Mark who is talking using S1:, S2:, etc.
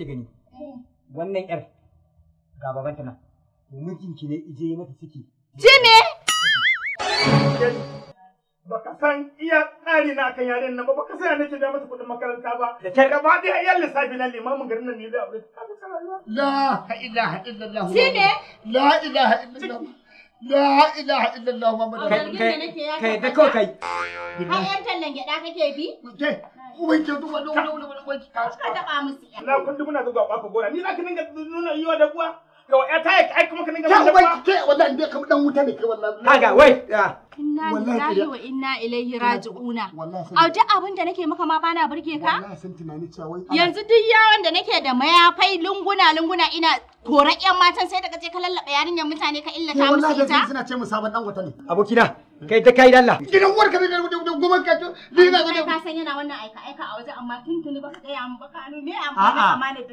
S1: ki gani eh. wannan yar ga babanta nan ki ne ije mata ciki ji me baka san iya tsari na kan yaren nan ba baka san nake da mata kudin makaranta ba da kai gaba dai ayyan lissafi nan limamin garin nan ne zai aure ka la ilaha illallah ji me la ilaha illallah La ilaha illallah Muhammadu Rasulullah. Kai da kawai kai. Har yan tallan gyaɗa kake bi? Ke. Uban ke duba duba duba duba duba. Ka taɓa musu Na kullum muna zuwa ɓaka gora. Ni za ka dinga nuna yiwa da kuwa. Yau wa ta yi kuma ka dinga nuna da Ke wallahi dai kamar dan wuta ne ke wallahi. Kaga wai. Inna lillahi wa inna ilaihi raji'una. A duk abin da nake maka ma bana burge ka? Yanzu duk yawon da nake da mayafai lunguna lunguna ina korar yan matan sai daga je ka lallaba yarinyar mutane ka illata musu ita suna ce mu sabon dan wata ne abokina kai ta kai dalla gidan uwar ka ne da goman ka ni na ga ka san yana wannan aika aika a waje amma tuntuni baka ga ya mun baka ne amma amana